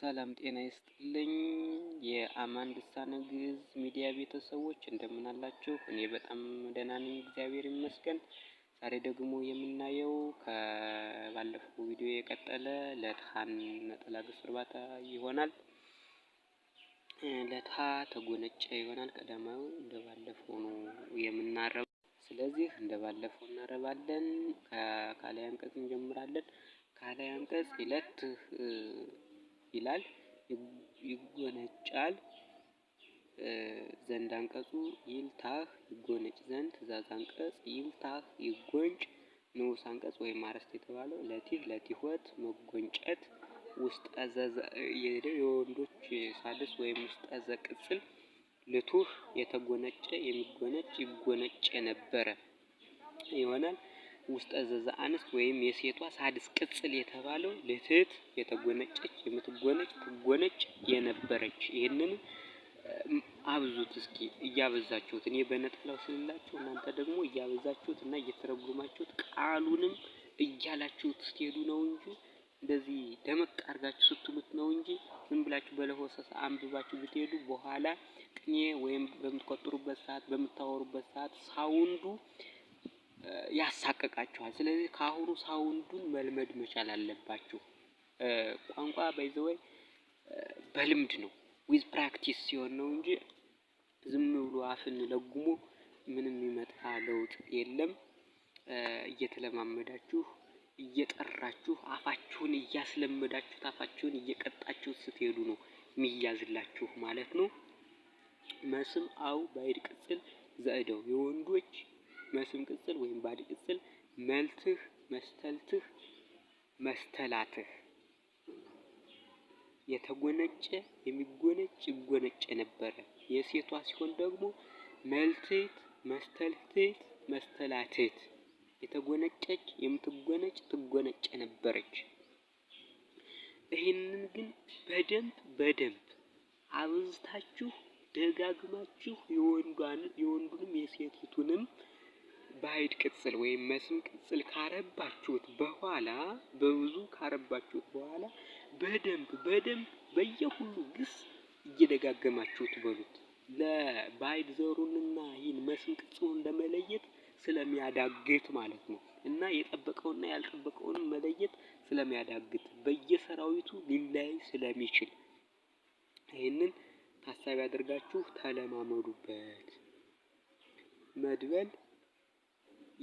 ሰላም ጤና ይስጥልኝ። የአማን ልሳነ ግዕዝ ሚዲያ ቤተሰቦች እንደምን አላችሁ? እኔ በጣም ደህና ነኝ፣ እግዚአብሔር ይመስገን። ዛሬ ደግሞ የምናየው ከባለፈው ቪዲዮ የቀጠለ ለድሃን ነጠላ ገጽ እርባታ ይሆናል። ለድሃ ተጎነጨ ይሆናል። ቀዳማዊ እንደባለፈው ነው የምናረበው። ስለዚህ እንደባለፈው እናረባለን። ከቃላይ አንቀጽ እንጀምራለን። ቃላይ አንቀጽ ይላል ይጎነጫል ዘንድ አንቀጹ ይልታህ ይጎነጭ ዘንድ ትእዛዝ አንቀጽ ይልታህ ይጎንጭ ንዑስ አንቀጽ ወይም አረስት የተባለው ለቲህ ለቲሆት መጎንጨት ውስጥ አዘዘ የወንዶች ሳድስ ወይም ውስጥ አዘ ቅጽል ልቱህ የተጎነጨ የሚጎነጭ ይጎነጭ የነበረ ይሆናል። ውስጠ ዘዛ አንስት ወይም የሴቷ ሳድስ ቅጽል የተባለው ልትት የተጎነጨች የምትጎነጭ ትጎነጭ የነበረች ይህንን አብዙት እስኪ እያበዛችሁት፣ እኔ በነጠላው ስልላችሁ እናንተ ደግሞ እያበዛችሁት እና እየተረጎማችሁት ቃሉንም እያላችሁት ስትሄዱ ነው እንጂ እንደዚህ ደመቅ አድርጋችሁ ስትሉት ነው እንጂ ዝም ብላችሁ በለሆሰስ አንብባችሁ ብትሄዱ በኋላ ቅኔ ወይም በምትቆጥሩበት ሰዓት፣ በምታወሩበት ሰዓት ሳውንዱ ያሳቅቃችኋል። ስለዚህ ከአሁኑ ሳውንዱን መልመድ መቻል አለባችሁ። ቋንቋ ባይዘወይ በልምድ ነው ዊዝ ፕራክቲስ ሲሆን ነው እንጂ ዝም ብሎ አፍን ለጉሞ ምንም የሚመጣ ለውጥ የለም። እየተለማመዳችሁ እየጠራችሁ አፋችሁን እያስለመዳችሁት አፋችሁን እየቀጣችሁት ስትሄዱ ነው የሚያዝላችሁ ማለት ነው። መስም አው ባይድ ቅጽል ዘእደው የወንዶች መስም ቅጽል ወይም ባዲ ቅጽል መልትህ፣ መስተልትህ፣ መስተላትህ የተጎነጨ የሚጎነጭ ይጎነጭ ነበረ። የሴቷ ሲሆን ደግሞ መልትት፣ መስተልትት፣ መስተላትት የተጎነጨች የምትጎነጭ ትጎነጭ ነበረች። ይህንን ግን በደንብ በደንብ አብዝታችሁ ደጋግማችሁ የወንዱንም የሴቲቱንም በሀይድ ቅጽል ወይም መስም ቅጽል ካረባችሁት በኋላ በብዙ ካረባችሁት በኋላ በደንብ በደንብ በየሁሉ ግስ እየደጋገማችሁት በሉት። ለባይድ ዘሩንና ይህን መስም ቅጽሉን ለመለየት ስለሚያዳግት ማለት ነው እና የጠበቀውና ያልጠበቀውን መለየት ስለሚያዳግት በየሰራዊቱ ሊለያይ ስለሚችል ይህንን ታሳቢ አድርጋችሁ ተለማመዱበት። መድበል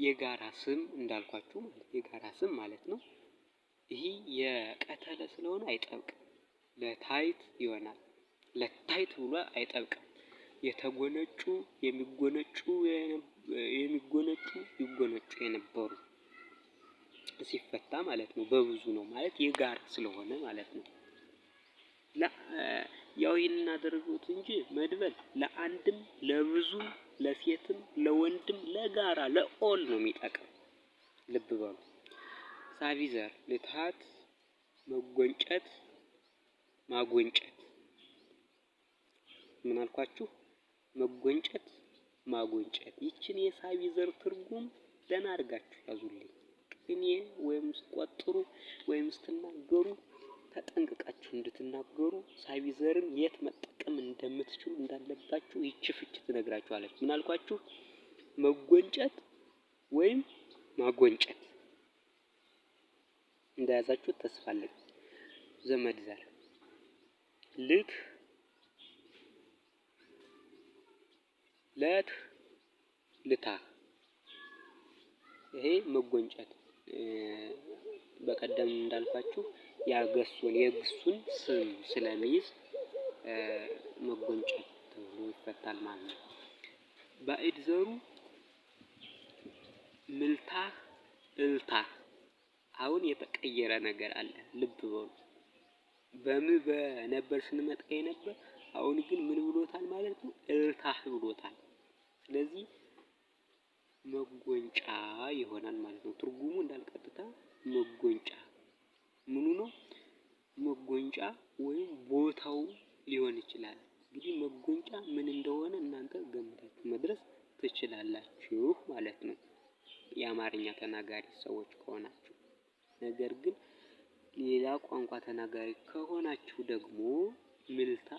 የጋራ ስም እንዳልኳችሁ ማለት የጋራ ስም ማለት ነው። ይህ የቀተለ ስለሆነ አይጠብቅም። ለታይት ይሆናል። ለታይት ብሎ አይጠብቅም። የተጎነጩ የሚጎነጩ የሚጎነጩ ይጎነጩ የነበሩ ሲፈታ ማለት ነው። በብዙ ነው ማለት የጋራ ስለሆነ ማለት ነው። ያው ይህን እናደርጉት እንጂ መድበል ለአንድም ለብዙ ለሴትም ለወንድም ለጋራ ለኦል ነው የሚጠቅም። ልብ በሉ። ሳቪዘር ልትሃት መጎንጨት ማጎንጨት ምን አልኳችሁ? መጎንጨት ማጎንጨት። ይችን የሳቪዘር ትርጉም ደህና አድርጋችሁ ያዙልኝ። ቅኔ ወይም ስትቆጥሩ ወይም ስትናገሩ ተጠንቅቃችሁ እንድትናገሩ ሳቪዘርን የት መጠቀም እንደ እንደምትችሉ እንዳለባችሁ ይቺ ፍች ትነግራችኋለች። ምን አልኳችሁ? መጎንጨት ወይም ማጎንጨት እንደያዛችሁ ተስፋ ዘመድ ዘር ልክ ለት ልታ ይሄ መጎንጨት በቀደም እንዳልኳችሁ ያገሱን የግሱን ስም ስለሚይዝ መጎንጨት ተብሎ ይፈታል ማለት ነው። ባዕድ ዘሩ ምልታ እልታ። አሁን የተቀየረ ነገር አለ፣ ልብ በሉ። በምን በነበር ስንመጣ የነበር አሁን ግን ምን ብሎታል ማለት ነው? እልታ ብሎታል። ስለዚህ መጎንጫ ይሆናል ማለት ነው። ትርጉሙ እንዳልቀጥታ መጎንጫ ምኑ ነው? መጎንጫ ወይም ቦታው ሊሆን ይችላል። እንግዲህ መጎንጫ ምን እንደሆነ እናንተ ገምታችሁ መድረስ ትችላላችሁ ማለት ነው፣ የአማርኛ ተናጋሪ ሰዎች ከሆናችሁ። ነገር ግን ሌላ ቋንቋ ተናጋሪ ከሆናችሁ ደግሞ ምልታ፣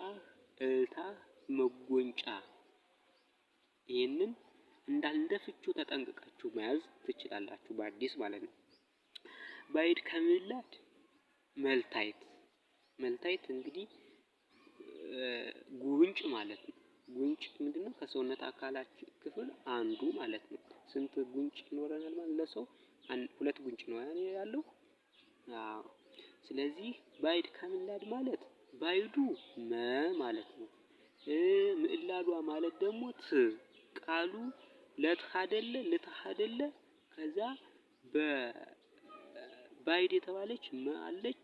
እልታ፣ መጎንጫ ይህንን እንዳልደፍቹ ተጠንቅቃችሁ መያዝ ትችላላችሁ፣ በአዲስ ማለት ነው። ባይድ ከምላድ መልታይት መልታይት እንግዲህ ጉንጭ ማለት ነው። ጉንጭ ምንድነው? ከሰውነት አካላችን ክፍል አንዱ ማለት ነው። ስንት ጉንጭ ይኖረናል ማለት ለሰው ሁለት ጉንጭ ነው ያለው። አዎ። ስለዚህ ባይድ ከምላድ ማለት ባይዱ መ ማለት ነው። ምዕላዷ ማለት ደግሞ ት ቃሉ ለትህ አይደለ ልትህ አይደለ ከዛ በባዕድ የተባለች መ አለች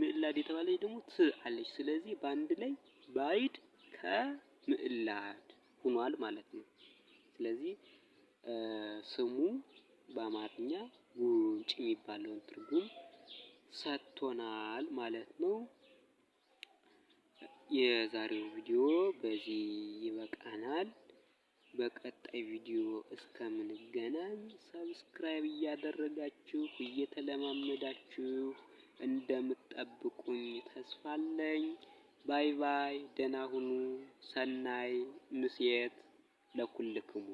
ምዕላድ የተባለች ደግሞ ት አለች። ስለዚህ በአንድ ላይ ባይድ ከምዕላድ ሆኗል ማለት ነው። ስለዚህ ስሙ በአማርኛ ጉንጭ የሚባለውን ትርጉም ሰጥቶናል ማለት ነው። የዛሬው ቪዲዮ በዚህ ይበቃናል። በቀጣይ ቪዲዮ እስከምንገናኝ ሰብስክራይብ እያደረጋችሁ እየተለማመዳችሁ እንደምትጠብቁኝ ተስፋለኝ ባይ ባይ፣ ደህና ሁኑ። ሰናይ ምስየት ለኩልክሙ